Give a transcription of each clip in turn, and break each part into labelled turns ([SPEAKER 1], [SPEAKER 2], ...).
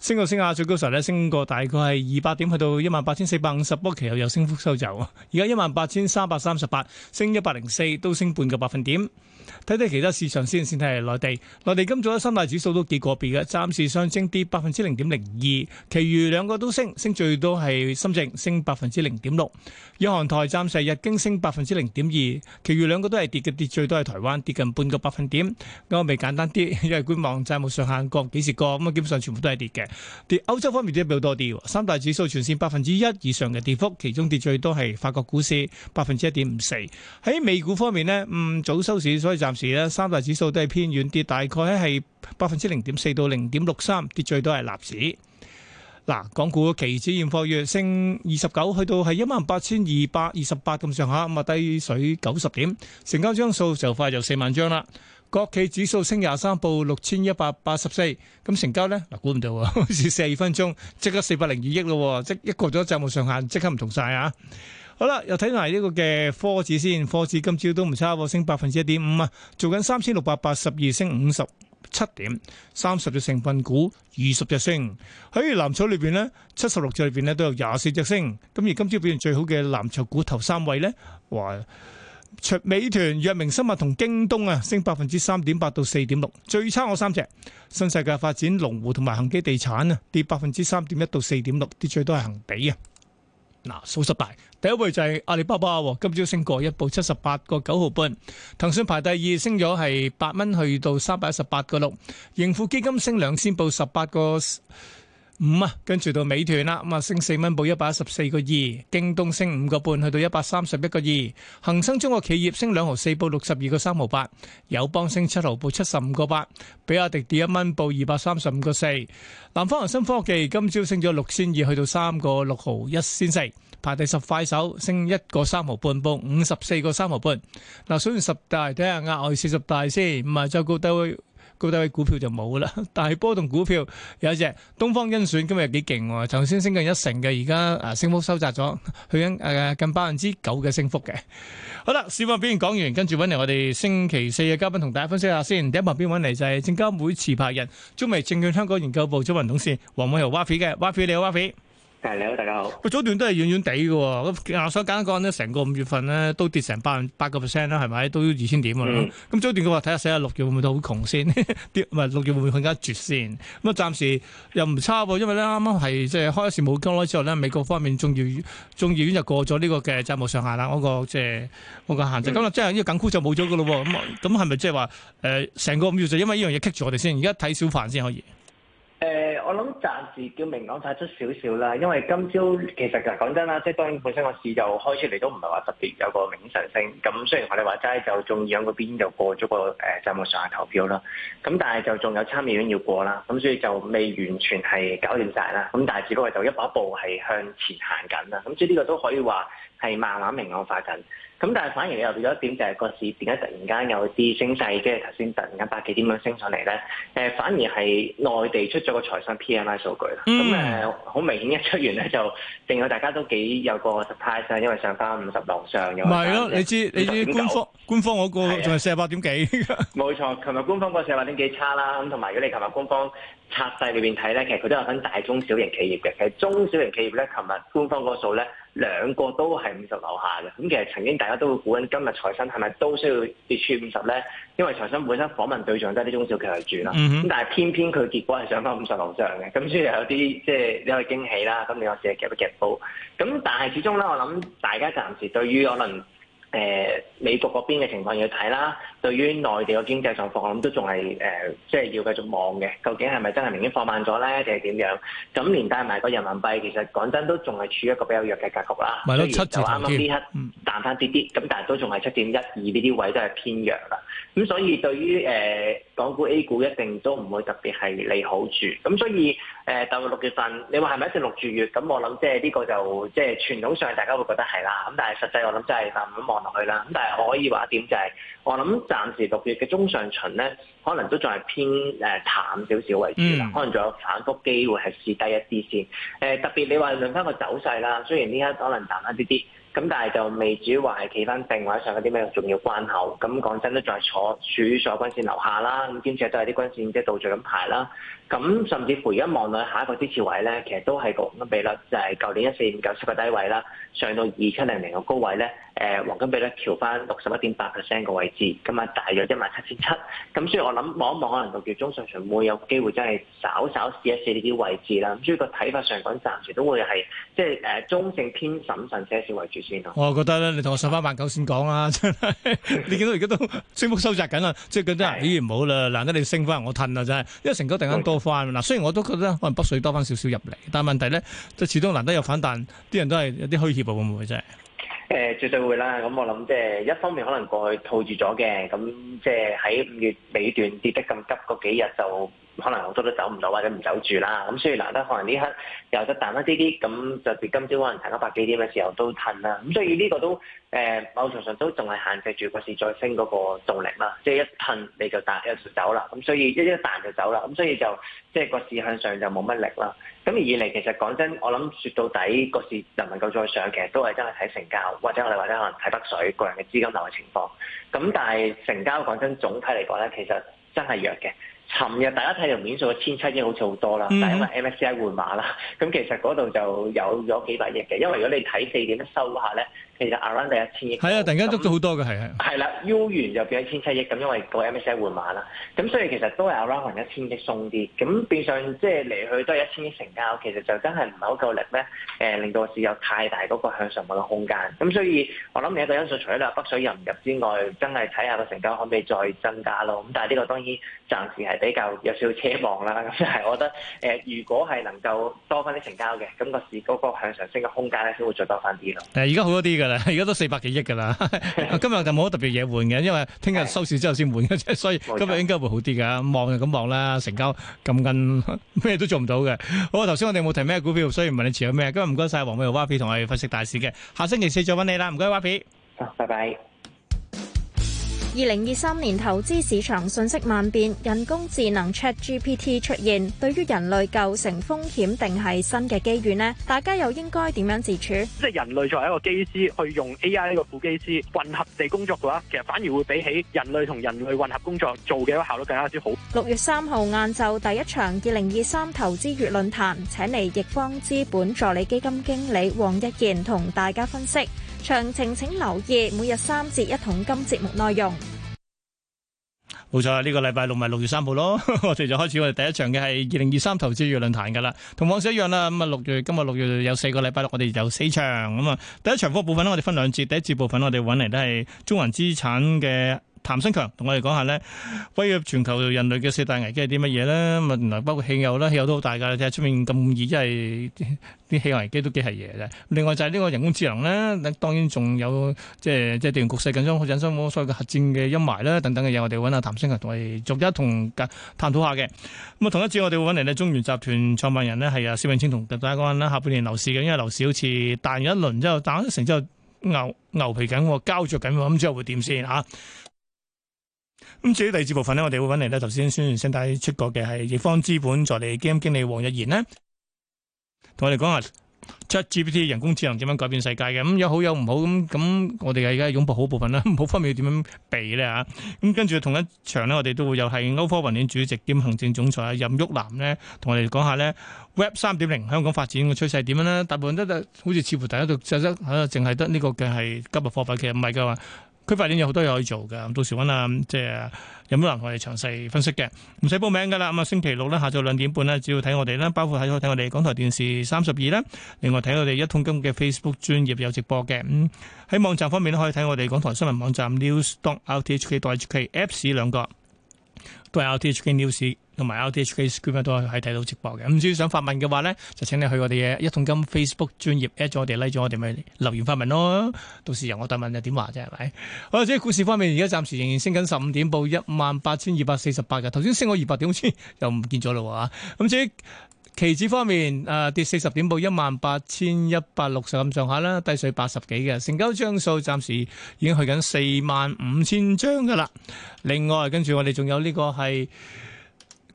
[SPEAKER 1] 升到升下，最高時候咧升過大概係二百點，去到一萬八千四百五十，噃，其後又升幅收就，而家一萬八千三百三十八，升一百零四，都升半個百分點。睇睇其他市場先，先睇下內地。內地今早嘅三大指數都幾個別嘅，暫時上證跌百分之零點零二，其餘兩個都升，升最多係深證升百分之零點六。日韓台暫時日經升百分之零點二，其餘兩個都係跌嘅，跌最多係台灣跌近半個百分點。咁我咪簡單啲，因為觀望債務上限降幾時降，咁啊基本上全部都係跌嘅。跌歐洲方面都比較多啲，三大指數全線百分之一以上嘅跌幅，其中跌最多係法國股市百分之一點五四。喺美股方面呢，嗯早收市所以暫。市咧三大指數都係偏軟跌，大概係百分之零點四到零點六三跌，最多係納指。嗱，港股期指現貨約升二十九，去到係一萬八千二百二十八咁上下，咁啊低水九十點，成交張數就快就四萬張啦。國企指數升廿三，報六千一百八十四，咁成交咧嗱，估唔到、啊，好似四分鐘即刻四百零二億咯，即一過咗債務上限，即刻唔同晒啊！好啦，又睇埋呢個嘅科指先，科指今朝都唔差喎，升百分之一點五啊，做緊三千六百八十二，升五十七點，三十隻成分股二十隻升。喺藍籌裏面呢，七十六隻裏面呢都有廿四隻升。咁而今朝表現最好嘅藍籌股頭三位呢，話卓美團、藥明生物同京東啊，升百分之三點八到四點六，最差我三隻新世界發展、龍湖同埋恒基地產啊，跌百分之三點一到四點六，跌最多係恒地啊。嗱，數失敗。第一位就係阿里巴巴，今朝升過一報七十八個九毫半。騰訊排第二，升咗係八蚊，去到三百一十八個六。盈富基金升兩仙，報十八個。五、嗯、啊，跟住到美團啦，咁啊升四蚊，報一百一十四個二；京東升五個半，去到一百三十一個二；恒生中國企業升兩毫四，報六十二個三毫八；友邦升七毫，報七十五個八；比亞迪跌一蚊，報二百三十五個四；南方恒生科技今朝升咗六先二，去到三個六毫一先四；排第十快手升一個三毫半，報五十四個三毫半。嗱，數完十大睇下額外四十大先，唔係再高低。高低位股票就冇啦，但係波動股票有一隻東方甄選今日幾勁喎，頭先升近一成嘅，而家啊升幅收窄咗，去緊誒近百分之九嘅升幅嘅。好啦，市況表現講完，跟住揾嚟我哋星期四嘅嘉賓同大家分享下先。第一幕邊揾嚟就係證監會持牌人中美證券香港研究部總務董事黃偉豪 y a f f 嘅 y a f f 你好 y a f f 你好，大家好。佢早段都係遠遠地嘅，我想簡單講咧，成個五月份咧都跌成百分八個 percent 啦，係咪？都二千點噶啦。咁、嗯、早段嘅話，睇下四啊六月會唔會好窮先？跌唔係六月會唔會更加絕先？咁啊，暫時又唔差，因為咧啱啱係即係開市冇咁耐之後咧，美國方面眾議眾議院就過咗呢個嘅債務上限啦，嗰、嗰個即係、嗰個限制。咁即係呢個緊箍就冇咗嘅咯。咁咁係咪即係話誒？成、呃、個五月份因為呢樣嘢棘住我哋先，而家睇小販先可以。
[SPEAKER 2] 我諗暫時叫明朗睇出少少啦，因為今朝其實嘅講真啦，即係當然本身個市就開出嚟都唔係話特別有個明顯上升。咁雖然我哋話齋就眾議院嗰邊就過咗個誒債務上限投票啦，咁但係就仲有參議院要過啦，咁所以就未完全係搞掂晒啦。咁但係只不過就一步一步係向前行緊啦。咁所以呢個都可以話。係慢慢明朗化緊，咁但係反而你又變咗一點，就係個市點解突然間有啲升勢，跟住頭先突然間百幾點咁樣升上嚟咧？反而係內地出咗個財新 PMI 數據啦，咁、嗯、好、嗯、明顯一出完咧，就令到大家都幾有個 surprise 因為上翻五十樓上咁唔係咯？你知你知官方
[SPEAKER 1] 官方嗰個仲係四十八點幾？
[SPEAKER 2] 冇、啊、 錯，琴日官方個四十八點幾差啦。咁同埋如果你琴日官方拆勢裏面睇咧，其實佢都有分大中小型企業嘅。其實中小型企業咧，琴日官方個個數咧。兩個都係五十樓下嘅，咁其實曾經大家都會估緊今日財新係咪都需要跌穿五十咧？因為財新本身訪問對象都係啲中小企為主啦，咁但係偏偏佢結果係上翻五十樓上嘅，咁所以有啲即係有啲驚喜啦，咁你話試吓夾一夾煲？咁但係始終咧，我諗大家暫時對於可能。誒、呃、美國嗰邊嘅情況要睇啦，對於內地嘅經濟狀況，我諗都仲係誒，即、呃、係、就是、要繼續望嘅，究竟係咪真係明顯放慢咗咧，定係點樣？咁連帶埋個人民幣，其實講真都仲係處於一個比較弱嘅格局啦。咪、就、咯、是，七就啱啱呢刻彈翻啲啲，咁、嗯、但係都仲係七點一二呢啲位都係偏弱啦。咁所以對於誒、呃、港股 A 股一定都唔會特別係利好住，咁所以。誒、呃、到六月份，你話係咪一直六住月？咁我諗即係呢個就即係、就是、傳統上大家會覺得係啦。咁但係實際我諗真係慢慢望落去啦。咁但係可以話一點就係、是，我諗暫時六月嘅中上旬咧，可能都仲係偏、呃、淡少少為主啦、嗯。可能仲有反覆機會係試低一啲先、呃。特別你話論翻個走勢啦，雖然呢一刻可能淡一啲啲，咁但係就未至於話係企翻定位上嗰啲咩重要關口。咁講真都仲係坐處於所有均線樓下啦。咁兼且都係啲均線即係倒序咁排啦。咁甚至乎而家望落下一個支持位咧，其實都係個黃金比率就係、是、舊年一四五九七個低位啦，上到二七零零個高位咧。誒、呃，黃金比率調翻六十一點八 percent 個位置，咁啊大約一萬七千七。咁所以我諗望一望，可能六月中上旬會有機會真係稍稍試一試呢啲位置啦。咁所以個睇法上講，暫時都會係即係誒中性偏審慎些少為主先咯。
[SPEAKER 1] 我覺得咧，你同我上翻萬九先講啦。 你見到而家都升幅收窄緊啦，即係覺得咦，唔好啦，難得你升翻，我褪啦真係，因為成交突然間嗱，雖然我都覺得可能北水多翻少少入嚟，但係問題咧，即係始終難得有反彈，啲人都係有啲虛怯喎、啊，會唔會真係？
[SPEAKER 2] 誒絕對會啦！咁我諗即係一方面可能過去套住咗嘅，咁即係喺五月尾段跌得咁急嗰幾日就。可能好多都走唔到或者唔走住啦，咁、嗯、所以難得可能呢刻又得彈一啲啲，咁特別今朝可能彈咗百幾點嘅時候都褪啦，咁所以呢個都誒、呃、某程度上都仲係限制住個市再升嗰個動力啦，即係一褪你就彈，有時走啦，咁、嗯、所以一一彈就走啦，咁所以就即係個市向上就冇乜力啦。咁而嚟其實講真，我諗説到底個市能唔能夠再上的，其實都係真係睇成交，或者我哋或者可能睇北水個人嘅資金流嘅情況。咁但係成交講真總體嚟講咧，其實真係弱嘅。尋日大家睇條面數一千七億好似好多啦，但係因為 MSCI 換碼啦，咁、嗯、其實嗰度就有咗幾百億嘅。因為如果你睇四點收下咧，其實 around 係一千億。係啊，突然間捉咗好多嘅，係係。係啦，U 元就變咗千七億，咁因為個 MSCI 換碼啦，咁所以其實都係 around 可能一千億鬆啲。咁變相即係嚟去都係一千億成交，其實就真係唔係好夠力咧。誒，令到個市有太大嗰個向上嘅空間。咁所以，我諗另一個因素，除咗你話北水入唔入之外，真係睇下個成交可唔可以再增加咯。咁但係呢個當然暫時係。比較有少少奢
[SPEAKER 3] 望
[SPEAKER 1] 啦，咁即係我覺得，誒如果係能夠多翻啲成交嘅，咁個市嗰個向上升嘅空間咧，都會再多翻啲咯。誒，而家好咗啲㗎啦，而家都四百幾億㗎啦。今日就冇乜特別嘢換嘅，因為聽日收市之後先換嘅啫，所以今日應該會好啲㗎。望就咁望啦，成交咁緊，咩都做唔到嘅。好啊，頭先我哋冇提咩股票，所以唔問你持咗咩？今日唔該曬黃美如蛙皮同我哋分析大市嘅，下星期四再揾你啦。唔該，蛙皮。拜拜。
[SPEAKER 4] 二零二三年投資市場信息萬變，人工智能 ChatGPT 出現，對於人類構成風險定係新嘅機遇呢？大家又應該點樣自處？
[SPEAKER 5] 即係人類作為一個機師，去用 AI 一個副機師混合地工作嘅話，其實反而會比起人類同人類混合工作做嘅效率更加之好。
[SPEAKER 4] 六月三號晏晝第一場二零二三投資月論壇，請嚟易方資本助理基金經理黃一賢同大家分析。詳情請留意每日三節一桶金節目內容。
[SPEAKER 1] 冇錯啊，呢、這個禮拜六咪六月三號咯，我哋就開始我哋第一場嘅係二零二三投資月論壇噶啦，同往時一樣啦。咁啊，六月今日六月有四個禮拜六，我哋有四場，咁啊，第一場個部分咧，我哋分兩節，第一節部分我哋揾嚟都係中環資產嘅。譚新強同我哋講下咧，威脅全球人類嘅四大危機係啲乜嘢咧？原來，包括氣候啦，氣候都好大噶。睇下出面咁熱，即係啲氣候危機都幾係嘢嘅。另外就係呢個人工智能咧，當然仲有即係即係地緣局勢緊張，好緊張所謂嘅核戰嘅陰霾啦，等等嘅嘢。我哋搵下譚新強同我哋逐一同緊探討下嘅。咁啊，同一節我哋會搵嚟中原集團創辦人呢，係阿施永青同大家講下啦，下半年樓市嘅，因為樓市好似彈一輪之後，彈咗成之後，之後牛牛皮緊，膠着緊，我諗之後會點先吓？咁至於第二節部分呢，我哋會揾嚟呢頭先宣傳聲帶出過嘅係易方資本助理基金經理黃日賢呢，同我哋講下 ChatGPT 人工智能點樣改變世界嘅，咁有好有唔好咁。咁我哋而家擁抱好部分啦，哈哈唔好方面點樣避咧吓？咁跟住同一場呢，我哋都會又係歐科雲鏈主席兼行政總裁任旭南呢，同我哋講下呢 Web 三點零香港發展嘅趨勢點樣咧？大部分都好似似乎大家都淨得係得呢個嘅係加密貨幣嘅，唔係噶。區發展有好多嘢可以做嘅，咁到時揾阿即係有冇人可以同我哋詳細分析嘅，唔使報名噶啦。咁啊，星期六咧下晝兩點半咧，只要睇我哋咧，包括睇我哋港台電視三十二咧，另外睇我哋一桶金嘅 Facebook 專業有直播嘅。咁喺網站方面咧，可以睇我哋港台新聞網站 newsdotrthkdothkapp 市兩個，都係 rthknews。同埋 LTHK screen 都係喺睇到直播嘅，唔少想發問嘅話咧，就請你去我哋嘅一桶金 Facebook 專頁 at 咗我哋拉咗我哋咪、like、留言發問咯。到時由我代問又點話啫，係咪？好啦，至於股市方面，而家暫時仍然升緊十五點，報一萬八千二百四十八嘅。頭先升咗二百點，好似又唔見咗啦喎。咁至於期指方面，誒、呃、跌四十點，報一萬八千一百六十咁上下啦，低水八十幾嘅。成交張數暫時已經去緊四萬五千張噶啦。另外，跟住我哋仲有呢個係。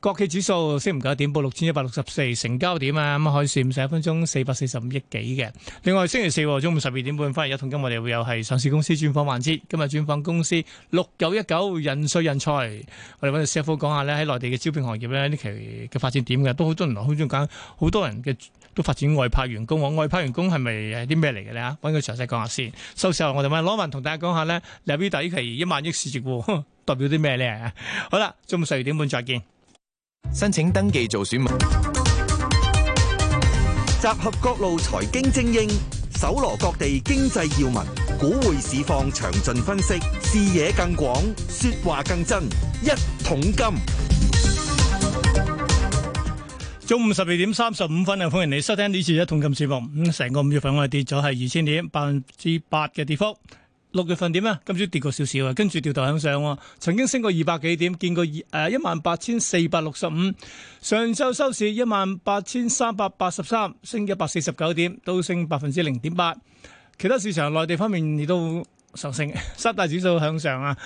[SPEAKER 1] 國企指數升唔夠點，報六千一百六十四，成交點啊，咁可以佔一分鐘四百四十五億幾嘅。另外星期四中午十二點半翻嚟，一同今日我哋有係上市公司專訪環節。今日專訪公司六九一九人瑞人才，我哋揾住師傅講下呢喺內地嘅招聘行業呢，呢期嘅發展點嘅，都好多人好中意講，好多人嘅都發展外派員工。啊、外派員工係咪係啲咩嚟嘅呢？啊，揾佢詳細講下先。收市我哋咪羅文同大家講下咧，Nvidia 呢期一萬億市值代表啲咩咧？好啦，中午十二點半再見。申請登記做選民，集合各路財經精英，搜
[SPEAKER 5] 羅各地經濟要聞，股匯市況詳盡分析，視野更廣，
[SPEAKER 1] 說話更真。一桶金，中午十二點三十五分啊！歡迎你收聽呢次一桶金節目。咁，成個五月份我哋跌咗係二千點，百分之八嘅跌幅。六月份點啊？今朝跌個少少啊，跟住掉頭向上，曾經升過二百幾點，見過二誒一萬八千四百六十五。上周收市一萬八千三百八十三，升一百四十九點，都升百分之零點八。其他市場內地方面亦都上升，三大指數向上啊。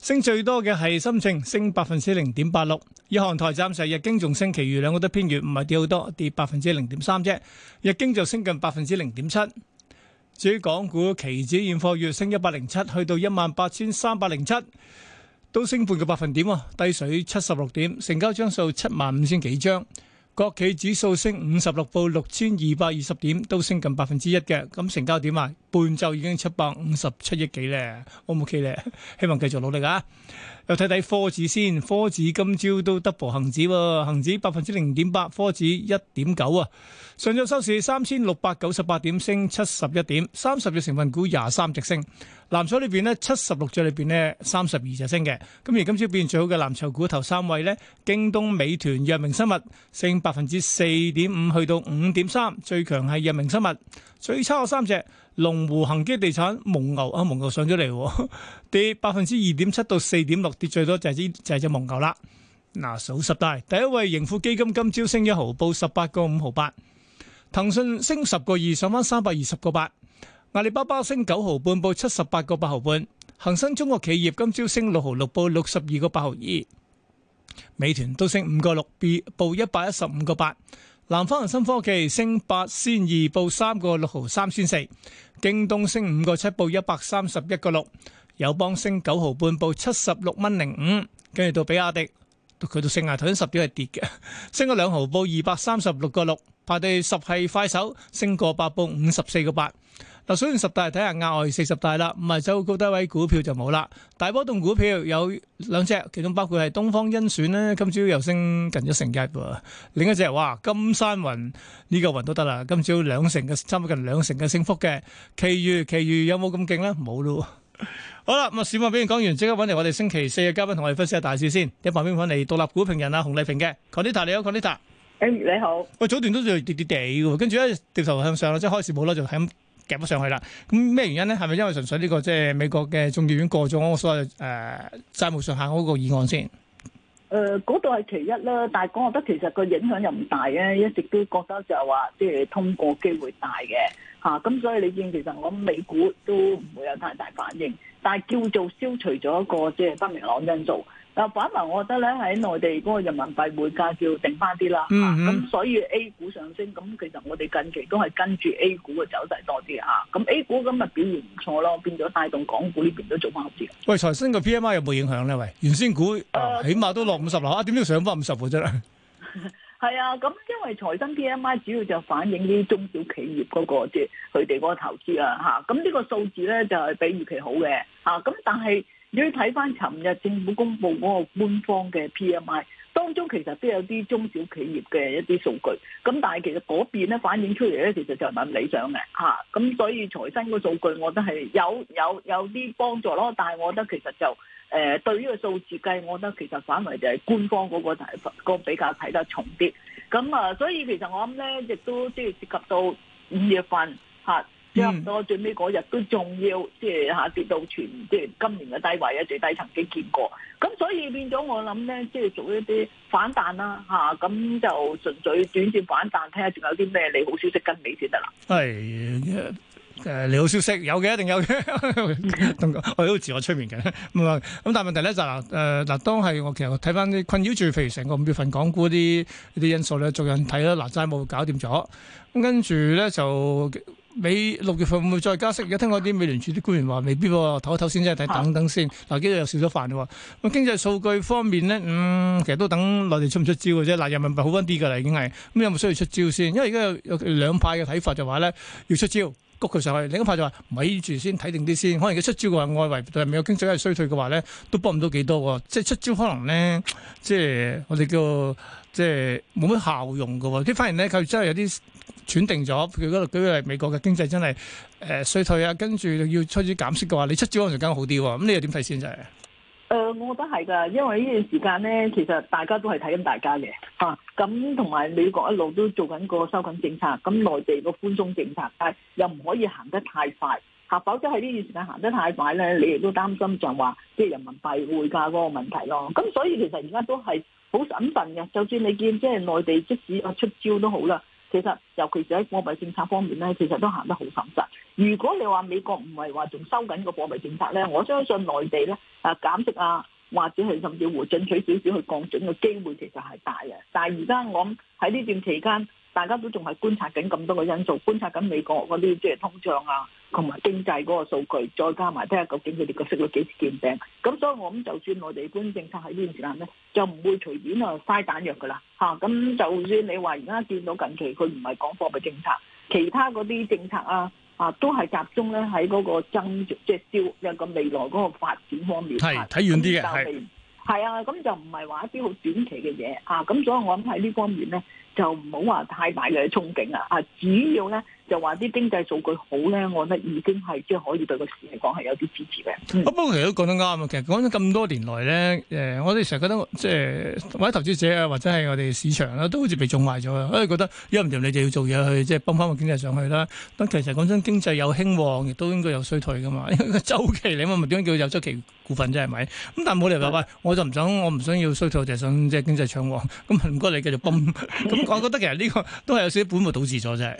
[SPEAKER 1] 升最多嘅係深證，升百分之零點八六。以韓台暫時日經仲升，其餘兩個都偏弱，唔係跌好多，跌百分之零點三啫。日經就升近百分之零點七。至於港股期指現貨月升一百零七，去到一萬八千三百零七，都升半個百分點喎，低水七十六點，成交張數七萬五千幾張。國企指數升五十六報六千二百二十點，都升近百分之一嘅。咁成交點啊？半晝已經七百五十七億幾咧，O 唔 OK 咧？希望繼續努力啊！又睇睇科指先，科指今朝都 double 恒指喎，恒指百分之零點八，科指一點九啊。上晝收市三千六百九十八點，升七十一點，三十隻成分股廿三隻升。藍籌裏面呢，七十六隻裏面呢，三十二隻升嘅。咁而今朝變最好嘅藍籌股頭三位呢，京東、美團、藥明生物升百分之四點五，去到五點三。最強係藥明生物，最差嘅三隻，龍湖、恒基地產、蒙牛啊，蒙牛上咗嚟，跌百分之二點七到四點六，跌最多就係呢就係隻蒙牛啦。嗱，數十大第一位盈富基金今朝升一毫，報十八個五毫八。騰訊升十個二，上翻三百二十個八。阿里巴巴升九毫半，報七十八個八毫半；恒生中國企業今朝升六毫六，報六十二個八毫二；美團都升五個六，報一百一十五個八；南方恒生科技升八仙二，報三個六毫三仙四；京東升五個七，報一百三十一個六；友邦升九毫半，報七十六蚊零五。跟住，到比亞迪，佢到升下頭先十點係跌嘅，升咗兩毫，報二百三十六個六。排第十係快手，升過八，報五十四個八。所以十大睇下額外四十大啦，唔係就高位股票就冇啦。大波動股票有兩隻，其中包括係東方甄選咧，今朝又升近一成日。另一隻哇，金山雲呢個雲都得啦，今朝兩成嘅，差唔多近兩成嘅升幅嘅。其餘其餘有冇咁勁咧？冇咯。好啦，咁小馬俾你講完，即刻搵嚟我哋星期四嘅嘉賓同我哋分析下大市先。喺旁邊搵嚟獨立股評人阿洪麗萍嘅，Conita 你好，Conita，Amy 你好。喂，早段都仲跌跌地嘅，跟住咧掉頭向上啦，即係開始冇啦，就係咁。入咗上去啦？咁咩原因咧？係咪因為純粹呢個即係美國嘅眾議院過咗我所謂誒債務上限嗰個議案先？
[SPEAKER 3] 誒，嗰度係其一啦，但係講我覺得其實個影響又唔大咧，一直都覺得就係話即係通過機會大嘅吓，咁所以你見其實我諗美股都唔會有太大反應，但係叫做消除咗一個即係不明朗因素。嗱，反為，我覺得咧，喺內地嗰個人民幣匯價要定翻啲啦，咁所以 A 股上升，咁其實我哋近期都係跟住 A 股嘅走勢多啲啊，咁 A 股今日表現唔錯咯，變咗帶動港股呢邊都做翻好啲。
[SPEAKER 1] 喂，財新嘅 P M I 有冇影響咧？喂，原先估起碼都落五十啦，啊點知上翻五十個啫？
[SPEAKER 3] 係啊，咁因為財新 P M I 主要就反映啲中小企業嗰、嗰個即係佢哋嗰個投資啊嚇，咁呢個數字咧就係、是、比預期好嘅嚇，咁、啊、但係。你要睇翻尋日政府公布嗰個官方嘅 PMI，當中其實都有啲中小企業嘅一啲數據，咁但係其實嗰邊咧反映出嚟咧，其實就唔係咁理想嘅嚇。咁、啊、所以財新個數據我是，我覺得係有有有啲幫助咯。但係我覺得其實就誒、呃、對呢個數字計，我覺得其實反為就係官方嗰、嗰個睇、嗰個比較睇得重啲。咁啊，所以其實我諗咧，亦都即係涉及到五月份嚇。啊差唔多最尾嗰日都仲要，即係下跌到全即係今年嘅低位啊，最低曾經見過。咁所以變咗我諗咧，即係做一啲反彈啦，嚇咁就純粹短線反彈，睇下仲有啲咩利好消息跟你先得啦。
[SPEAKER 1] 係誒，利好消息有嘅一定有嘅，我都自我催眠嘅。咁啊，咁但係問題咧就嗱誒嗱，當係我其實睇翻啲困擾住，譬如成個五月份港股啲啲因素咧，逐日睇啦，嗱債務搞掂咗，咁跟住咧就。美六月份會唔會再加息？而家聽啲美聯儲啲官員話未必，唞一唞先，即係睇等等先。嗱，幾日又少咗飯嘞喎。經濟數據方面咧，嗯，其實都等內地出唔出招嘅啫。嗱，人民幣好翻啲㗎啦，已經係。咁有冇需要出招先？因為而家有兩派嘅睇法就話咧，要出招。谷佢上去，另一派就話：咪住先，睇定啲先。可能佢出招嘅話，外圍對美國嘅經濟一係衰退嘅話咧，都幫唔到幾多。即係出招可能咧，即係我哋叫即係冇乜效用嘅。即反而咧，佢真係有啲斷定咗。佢嗰度舉例美國嘅經濟真係誒、呃、衰退啊，跟住要開始減息嘅話，你出招可能就更好啲。咁你又點睇先就係？
[SPEAKER 3] 誒、呃，我覺得係㗎，因為呢段時間咧，其實大家都係睇緊大家嘅嚇，咁同埋美國一路都做緊個收緊政策，咁內地個寬鬆政策，但係又唔可以行得太快嚇，否則喺呢段時間行得太快咧，你亦都擔心話就話即係人民幣匯價嗰個問題咯，咁所以其實而家都係好謹慎嘅，就算你見即係內地即使出招都好啦。其實，尤其是喺貨幣政策方面咧，其實都行得好審慎。如果你話美國唔係話仲收緊個貨幣政策咧，我相信內地咧啊減息啊，或者係甚至會進取少少去降準嘅機會其實係大嘅。但係而家我諗喺呢段期間，大家都仲係觀察緊咁多個因素，觀察緊美國嗰啲即係通脹啊，同埋經濟嗰個數據，再加埋睇下究竟佢哋個息率幾時見頂。咁所以我諗，就算我哋觀政策喺呢段時間咧，就唔會隨便啊嘥彈藥噶啦嚇。咁就算你話而家見到近期佢唔係講貨幣嘅政策，其他嗰啲政策啊啊都係集中咧喺嗰個增即係消有個未來嗰個發展方面。係睇遠啲嘅，係係啊，咁就唔係話一啲好短期嘅嘢啊。咁所以我諗喺呢方面咧。就唔好話
[SPEAKER 1] 太大嘅憧憬啦，啊，主要咧就話啲經濟數據好咧，我覺得已經係即係可以對個市嚟講係有啲支持嘅。嗯，不過，啊，其實都講得啱啊，其實講咗咁多年來咧，誒、呃，我哋成日覺得即係或者投資者啊，或者係我哋市場啦，都好似被種壞咗啊。所以覺得一唔掂你就要做嘢去，即係泵翻個經濟上去啦。咁其實講真，經濟有興旺亦都應該有衰退噶嘛，因為個周期你啊嘛，點樣叫有周期股份啫係咪？咁但係冇理由話喂，我就唔想我唔想要衰退，就係想即係經濟暢旺。咁唔該你繼續泵。嗯我覺得其實呢個都係有少少本末倒置咗啫。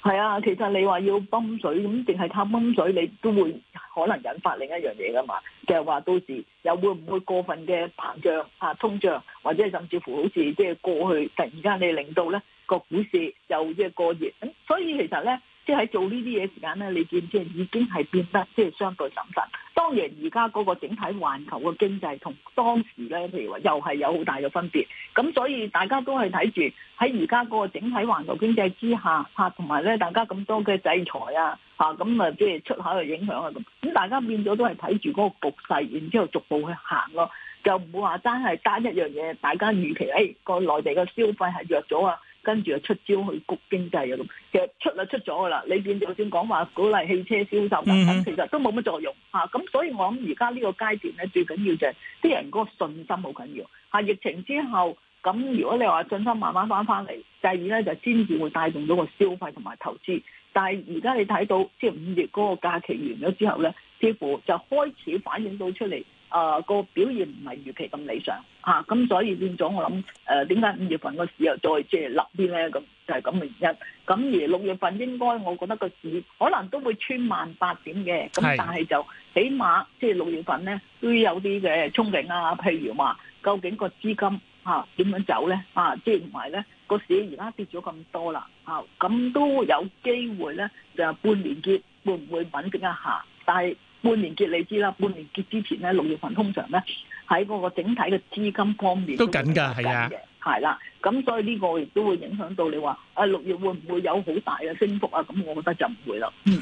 [SPEAKER 3] 係啊，其實你話要泵水咁，淨係靠泵水，你都會可能引發另一樣嘢噶嘛。就係話到時又會唔會過分嘅膨脹啊，通脹，或者係甚至乎好似即係過去突然間你令到咧個股市又即係過熱咁，所以其實咧。即係做呢啲嘢時間咧，你見即係已經係變得即係相對審慎。當然而家嗰個整體環球嘅經濟同當時咧，譬如話又係有好大嘅分別。咁所以大家都係睇住喺而家嗰個整體環球經濟之下吓同埋咧大家咁多嘅制裁啊吓咁啊即係出口嘅影響啊咁。咁大家變咗都係睇住嗰個局勢，然之後逐步去行咯，就唔好話單係單一樣嘢。大家預期誒個、哎、內地嘅消費係弱咗啊！跟住就出招去谷經濟啊，咁，其實出啦出咗噶啦，你見就算講話鼓勵汽車銷售等等，其實都冇乜作用嚇。咁所以我諗而家呢個階段咧，最緊要就係啲人嗰個信心好緊要嚇。疫情之後，咁如果你話信心慢慢翻翻嚟，第二咧就先至會帶動到個消費同埋投資。但係而家你睇到即係五月嗰個假期完咗之後咧，似乎就開始反映到出嚟。啊，個表現唔係預期咁理想，吓咁所以變咗我諗，誒點解五月份個市又再即係落啲咧？咁就係咁嘅原因。咁而六月份應該我覺得個市可能都會穿萬八點嘅，咁但係就起碼即係六月份咧都有啲嘅憧憬啊。譬如話究竟個資金吓點樣走咧？啊，即係唔係咧？個市而家跌咗咁多啦，啊咁都有機會咧。就係半年結會唔會穩定一下？但係。半年結你知啦，半年結之前咧，六月份通常咧喺嗰個整體嘅資金方面都緊噶，係啊，係啦。咁所以呢個亦都會影響到
[SPEAKER 1] 你話啊六月會唔會有好大嘅升幅啊？咁我覺得就唔會啦。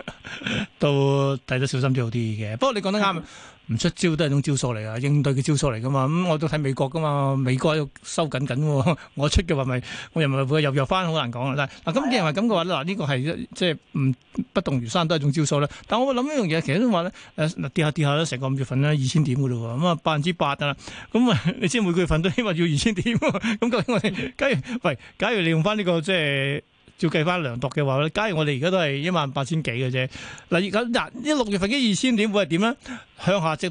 [SPEAKER 1] 都睇得小心啲好啲嘅。不過你講得啱，唔、嗯、出招都係一種招數嚟噶，應對嘅招數嚟噶嘛。咁、嗯、我都睇美國噶嘛，美國喺度收緊緊、啊、喎。 我出嘅話咪我又咪會又入翻，好難講啊。嗱咁既然係咁嘅話嗱，呢、啊呢個係即係唔不動如山都係一種招數啦。但我諗一樣嘢，其實都話咧跌下跌下都成個五月份啦，二千點嘅嘞喎，咁啊百分之八啊，咁啊你知每個月份都希望要二千點，咁 究竟我哋？嗯假如喂，假如你用翻、這、呢個即係照計翻量度嘅話咧，假如我哋而家都係一萬八千幾嘅啫，嗱而家嗱一六月份嘅二千點會係點咧？向下即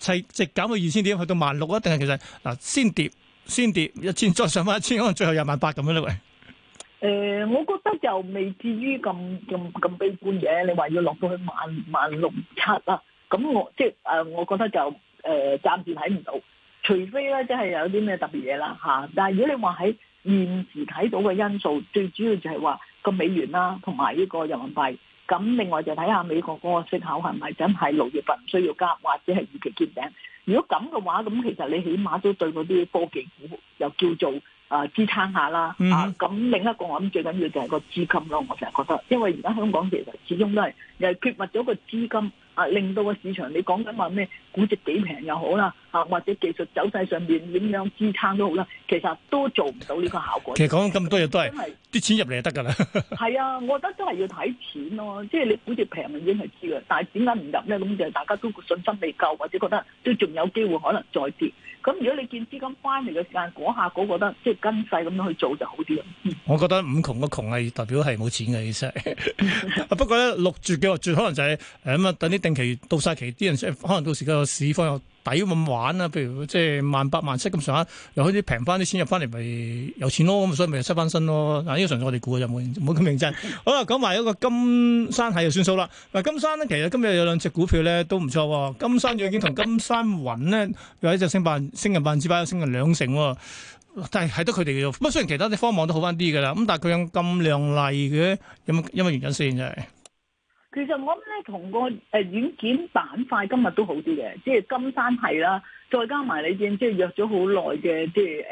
[SPEAKER 1] 係即減去二千點去到萬六啊？定係其實嗱先跌先跌一千再上翻一千，可能最後一萬八咁樣咧？
[SPEAKER 3] 喂，誒，我覺得就未至於咁咁咁悲觀嘅。你話要落到去萬萬六七啊？咁我即係誒，我覺得就誒暫、呃、時睇唔到。除非咧，即係有啲咩特別嘢啦吓。但係如果你話喺現時睇到嘅因素，最主要就係話個美元啦，同埋呢個人民幣。咁另外就睇下美國嗰個息口係咪真係六月份唔需要加，或者係預期見頂。如果咁嘅話，咁其實你起碼都對嗰啲科技股又叫做啊支撐下啦。啊，咁另一個我諗最緊要就係個資金咯，我成日覺得，因為而家香港其實始終都係又係缺乏咗個資金啊，令到個市場你講緊話咩？估值幾平又好啦，嚇或者技術走勢上面點樣支撐都好啦，其實都做唔到呢個效果。其實講咁多嘢都係，因
[SPEAKER 1] 為啲錢入嚟就得㗎啦。
[SPEAKER 3] 係啊，我覺得都係要睇錢咯，即係你估值平已經係知嘅，但係點解唔入咧？咁就大家都信心未夠，或者覺得都仲有機會可能再跌。咁如果你見資金翻嚟嘅時間嗰下嗰個，得即係跟勢咁樣去做就好啲
[SPEAKER 1] 啦。我覺得五窮嘅窮係代表係冇錢嘅意思。不過咧，六絕嘅絕可能就係誒咁啊，等啲定期到晒期，啲人可能到時嘅。市況又抵咁玩啊，譬如即係萬八萬七咁上下，又好似平翻啲錢入翻嚟，咪有錢咯咁，所以咪又出翻身咯。嗱呢啲純粹我哋估嘅，就冇冇咁認真。好啦，講埋一個金山系就算數啦。嗱，金山咧其實今日有兩隻股票咧都唔錯。金山軟件同金山雲咧有一隻升百，升近百分之百，升近兩成。但係係得佢哋做。咁雖然其他啲方望都好翻啲噶啦，咁但係佢有咁靚麗嘅，有為因為原因先。
[SPEAKER 3] 其實我諗咧同個誒軟件板塊今日都好啲嘅，即係金山系啦，再加埋你知，即係約咗好耐嘅，即係誒、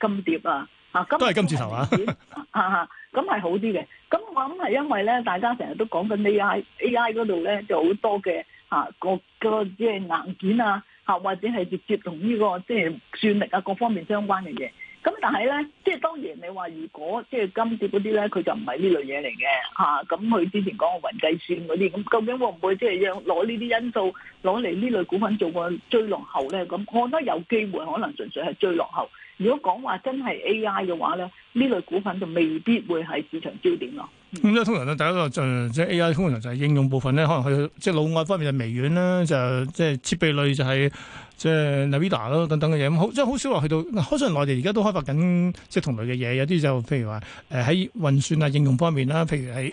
[SPEAKER 3] 呃、金蝶啊，吓，都係金字頭啊，吓 吓、啊，咁係好啲嘅。咁我諗係因為咧，大家成日都講緊 A I A I 嗰度咧，就好多嘅吓、啊、各個即係硬件啊，吓或者係直接同呢、這個即係算力啊各方面相關嘅嘢。咁但係咧，即係當然你話如果即係今次嗰啲咧，佢就唔係呢類嘢嚟嘅嚇。咁、啊、佢之前講雲計算嗰啲，咁究竟會唔會即係要攞呢啲因素攞嚟呢類股份做個追落後咧？咁我覺得有機會，可能純粹係追落後。如果講話真係 A.I. 嘅話咧，呢
[SPEAKER 1] 類股份就未必會係市場焦點咯。咁即係通常咧，第一個就即係 A.I. 通常就係應用部分咧，可能去即係老外方面就係微軟啦，就即係設備類就係、係、即係 Nvidia 咯等等嘅嘢。咁好即係好少話去到，好多人內地而家都開發緊即係同類嘅嘢，有啲就譬如話誒喺運算啊應用方面啦，譬如喺，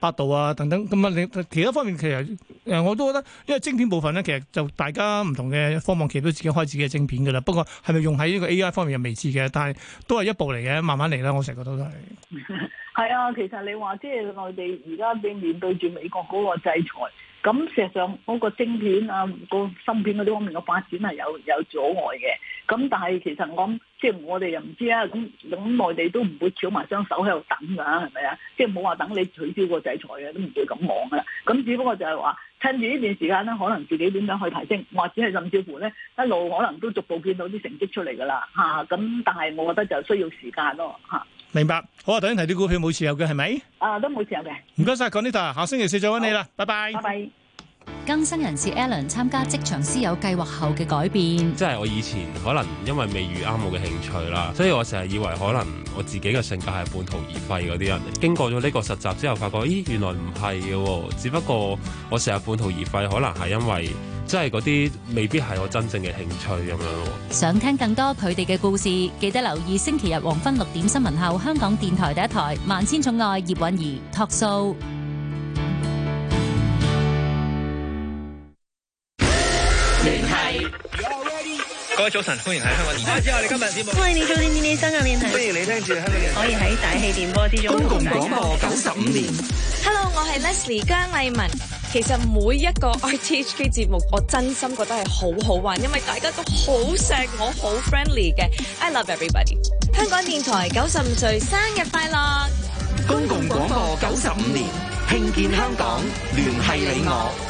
[SPEAKER 1] 百度啊，等等咁啊，你其他方面其實誒，我都覺得，因為晶片部分咧，其實就大家唔同嘅科網企業都自己開自己嘅晶片噶啦。不過係咪用喺呢個 AI 方面又未知嘅，但係都係一步嚟嘅，慢慢嚟啦。我成日覺得都係，係 啊，其
[SPEAKER 3] 實你話即係內地而家正面對住美國嗰個制裁。咁事實上，嗰個晶片啊，個芯片嗰啲方面嘅發展係有有阻礙嘅。咁但係其實我即係我哋又唔知啊。咁咁內地都唔會翹埋雙手喺度等㗎，係咪啊？即係冇話等你取消個制裁嘅，都唔會咁忙㗎啦。咁只不過就係話，趁住呢段時間咧，可能自己點樣去提升，或者係甚至乎咧一路可能都逐步見到啲成績出嚟㗎啦。啊，咁但係我覺得就需要時間咯。啊
[SPEAKER 1] 明白，好啊，頭先提啲股票冇持有嘅係咪？啊，
[SPEAKER 3] 都冇持有嘅。
[SPEAKER 1] 唔該晒，Gonita，下星期四再揾你啦，拜拜。拜拜。拜拜。
[SPEAKER 4] 更新人士 Alan 參加職場師友計劃後嘅改
[SPEAKER 1] 變。即係我以前可能因為未遇啱我嘅興趣啦，所以我成日以為可能我自己嘅性格係半途而廢嗰啲人。經過咗呢個實習之後，發覺，咦，原來唔係嘅，只不過我成日半途而廢，可能係因為即係嗰啲未必係我真正嘅興趣咁樣。
[SPEAKER 4] 想聽更多佢哋嘅故事，記得留意星期日黃昏六點新聞後，香港電台第一台萬千寵愛葉蘊儀托數。
[SPEAKER 1] 各位早晨，歡迎喺香港
[SPEAKER 5] 電台。我哋今日節目。歡迎你早啲啲啲生日聯繫。歡迎你聽住香港電台。可以喺大氣電波之中。公
[SPEAKER 4] 共廣
[SPEAKER 1] 播九十五年。
[SPEAKER 4] Hello，我係 Leslie 姜麗文。其實每一個 RTHK 節目，我真心覺得係好好玩，因為大家都好錫我，好 friendly 嘅。I love everybody。香港電台九十五歲生日快樂！
[SPEAKER 5] 公共廣播九十五年慶建香港，聯繫你我。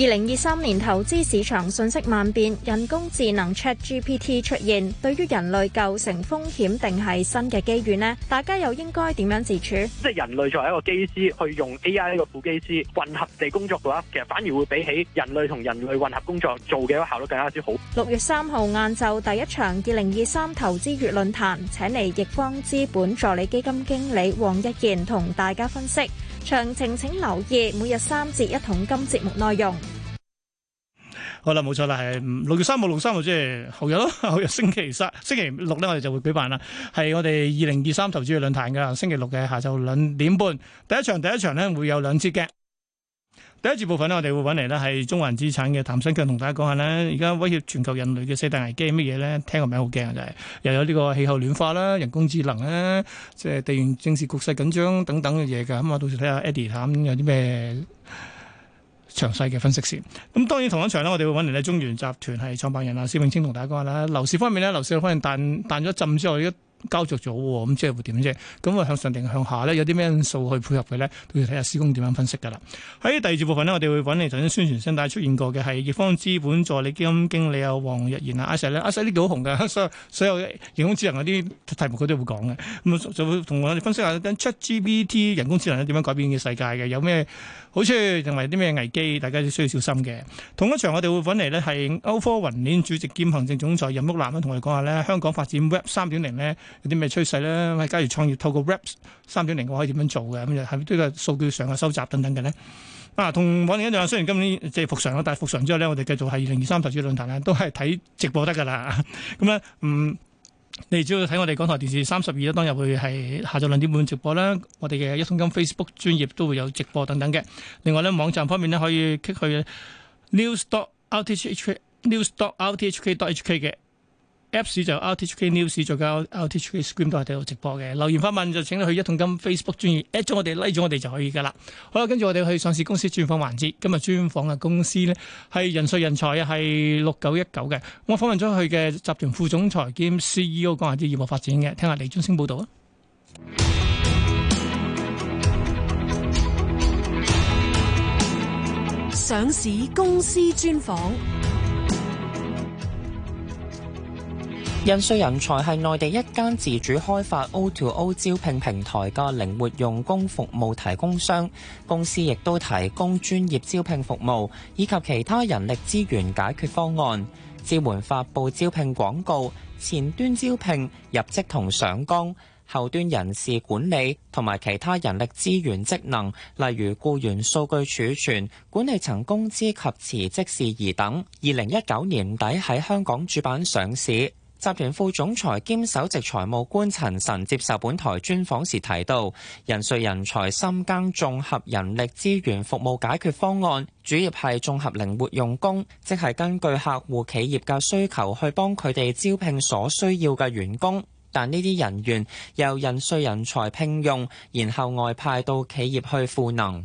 [SPEAKER 4] 二零二三年投資市場信息萬變，人工智能 ChatGPT 出現，對於人類構成風險定係新嘅機遇呢？大家又應該點樣自處？
[SPEAKER 5] 即係人類作為一個機師，去用 AI 一個副機師混合地工作嘅話，其實反而會比起人類同人類混合工作做嘅一效率更加之好。
[SPEAKER 4] 六月三號晏晝第一場二零二三投資月論壇，請嚟易方資本助理基金經理王一賢同大家分析。詳情請留意每日三節一桶金節目內容。
[SPEAKER 1] 好啦，冇錯啦，係六月三號，六三號即係後日咯，後日星期三、星期六咧，我哋就會舉辦啦。係我哋二零二三投資論壇㗎喇。星期六嘅下晝兩點半，第一場第一場咧會有兩節嘅。第一節部分我哋會揾嚟呢係中環資產嘅譚新強同大家講下呢。而家威脅全球人類嘅四大危機係乜嘢呢？聽個名好驚啊，就係、是、又有呢個氣候暖化啦、人工智能啦、啊、即、就、係、是、地緣政治局勢緊張等等嘅嘢噶，咁啊，到時睇下 Eddie 譚有啲咩詳細嘅分析先。咁當然同一場呢，我哋會揾嚟中原集團係創辦人啊，施永青同大家講下啦。樓市方面呢，樓市方面彈彈咗浸之後交續咗喎，咁即係會點啫？咁啊，向上定向下咧，有啲咩因素去配合佢咧？都要睇下師公點樣分析噶啦。喺第二段部分呢，我哋會揾你頭先宣傳聲帶出現過嘅係業方資本助理基金經理啊，黃日賢啊，阿 Sir 咧，阿 Sir 呢度好紅嘅，所所有人工智能嗰啲題目佢都會講嘅，咁就會同我哋分析下跟 ChatGPT 人工智能咧點樣改變嘅世界嘅，有咩？好似同埋啲咩危機，大家都需要小心嘅。同一場我哋會揾嚟呢係歐科雲鏈主席兼行政總裁任屋南同我哋講下呢香港發展 w e b p 三點零咧有啲咩趨勢咧？假如創業透過 w e b p 三點零，我可以點樣做嘅？咁又喺呢個數據上嘅收集等等嘅呢。啊，通往年一樣，雖然今年即係復常啦，但係復常之後呢，我哋繼續係二零二三投資論壇啊，都係睇直播得噶啦。咁咧，嗯。你只要睇我哋港台電視三十二咧，當日會係下晝兩點半直播啦。我哋嘅一桶金 Facebook 專業都會有直播等等嘅。另外咧，網站方面咧，可以 click 去 news.rthk news.rthk.hk 嘅。Apps 就 RTHK News 做緊 RTHK Screen 都係喺度直播嘅，留言發問就請你去一桶金 Facebook 專頁 at 咗我哋 like 咗我哋就可以噶啦。好啦，跟住我哋去上市公司專訪環節，今日專訪嘅公司咧係人瑞人才啊，係六九一九嘅，我訪問咗佢嘅集團副總裁兼 CEO 講下啲業務發展嘅，聽下李忠星報道啊。
[SPEAKER 4] 上市公司專訪。
[SPEAKER 5] 印稅人才係內地一間自主開發 O to O 招聘平台嘅靈活用工服務提供商，公司亦都提供專業招聘服務以及其他人力資源解決方案，支援發布招聘廣告、前端招聘入職同上崗，後端人事管理同埋其他人力資源職能，例如雇員數據儲存、管理層工資及辭職事宜等。二零一九年底喺香港主板上市。集團副總裁兼首席財務官陳晨接受本台專訪時提到，人瑞人才深耕綜合人力資源服務解決方案，主要係綜合靈活用工，即係根據客戶企業嘅需求去幫佢哋招聘所需要嘅員工。但呢啲人員由人瑞人才聘用，然後外派到企業去賦能。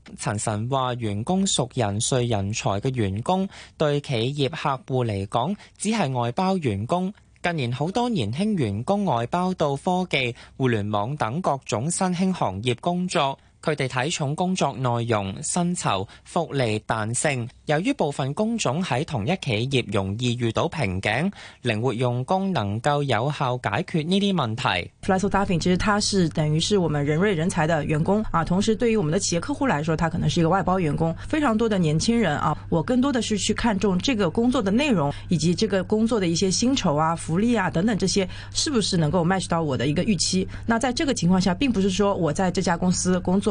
[SPEAKER 5] 陳晨話：員工屬人稅人才嘅員工，對企業客戶嚟講，只係外包員工。近年好多年輕員工外包到科技、互聯網等各種新興行業工作。佢哋睇重工作內容、薪酬、福利彈性，由於部分工種喺同一企業容易遇到瓶頸，靈活用工能夠有效解決呢啲問題。
[SPEAKER 6] l s t o p 其實它是等於是我們人瑞人才的員工啊，同時對於我們的企業客戶來說，它可能是一個外包員工。非常多的年輕人啊，我更多的是去看重這個工作的內容以及這個工作的一些薪酬啊、福利啊等等這些，是不是能夠 match 到我的一個預期？那在這個情況下，並不是說我在這家公司工作。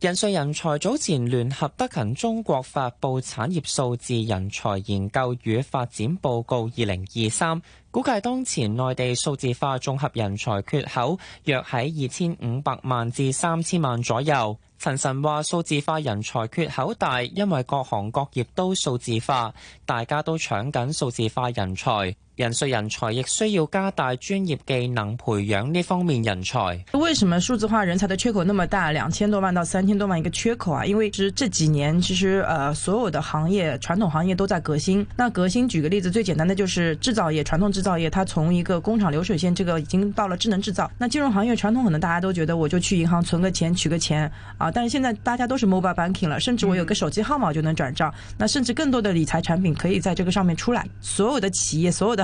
[SPEAKER 5] 人瑞人才早前聯合德勤中國發布《產業數字人才研究與發展報告》二零二三，估計當前內地數字化綜合人才缺口約喺二千五百萬至三千萬左右。陳晨話數字化人才缺口大，因為各行各業都數字化，大家都搶緊數字化人才。人術人才亦需要加大專業技能培養呢方面人才。
[SPEAKER 6] 為什麼數字化人才的缺口那麼大？兩千多萬到三千多萬一個缺口啊？因為其實這幾年其實，呃，所有的行業傳統行業都在革新。那革新，舉個例子，最簡單的就是製造業，傳統製造業，它從一個工廠流水線，這個已經到了智能製造。那金融行業傳統可能大家都覺得我就去銀行存個錢、取個錢啊，但是現在大家都是 mobile banking 了，甚至我有個手機號碼就能轉賬。那甚至更多的理財產品可以在這個上面出來。所有的企業，所有的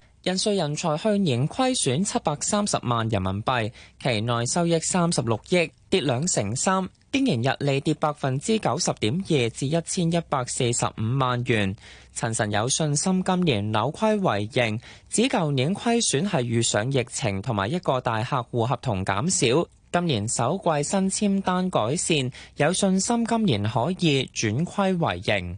[SPEAKER 5] 人瑞人才去年虧損七百三十萬人民幣，期內收益三十六億，跌兩成三。經營溢利跌百分之九十點二至一千一百四十五萬元。陳晨有信心今年扭虧為盈，指舊年虧損係遇上疫情同埋一個大客戶合同減少，今年首季新簽單改善，有信心今年可以轉虧為盈。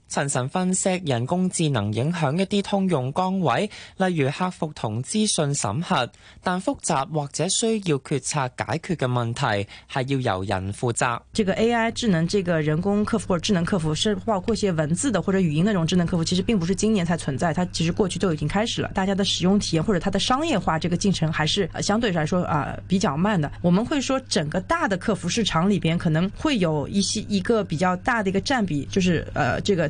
[SPEAKER 5] 陳晨分析人工智能影響一啲通用崗位，例如客服同資訊審核，但複雜或者需要決策解決嘅問題，係要由人負責。
[SPEAKER 6] 這個 AI 智能，這個人工客服或者智能客服，是包括一些文字的或者語音那種智能客服，其實並不是今年才存在，它其實過去都已經開始了。大家的使用體驗或者它的商業化這個進程，還是相對來說啊比較慢的。我們會說整個大的客服市場裏邊可能會有一些一個比較大的一個佔比，就是呃這個。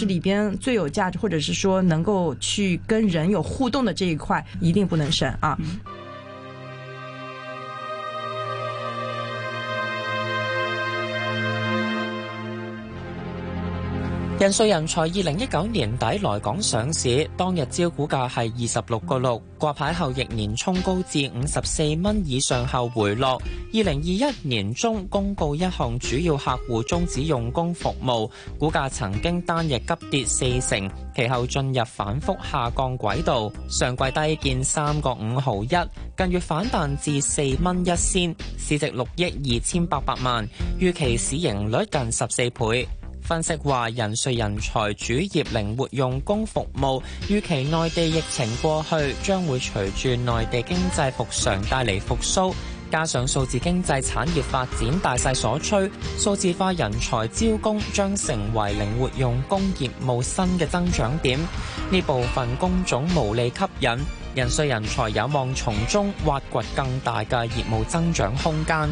[SPEAKER 6] 這裏邊最有價值，或者是說能夠去跟人有互動的這一塊，一定不能省啊。嗯。
[SPEAKER 5] 人瑞人才二零一九年底來港上市，當日招股價係二十六個六，掛牌後翌年沖高至五十四蚊以上後回落。二零二一年中公告一項主要客戶終止用工服務，股價曾經單日急跌四成，其後進入反復下降軌道。上季低見三個五毫一，近月反彈至四蚊一仙，市值六億二千八百萬，預期市盈率近十四倍。分析話，人瑞人才主業靈活用工服務，預期內地疫情過去，將會隨住內地經濟復常帶嚟復甦，加上數字經濟產業發展大勢所趨，數字化人才招工將成為靈活用工業務新嘅增長點。呢部分工種無利吸引，人瑞人才有望從中挖掘更大嘅業務增長空間。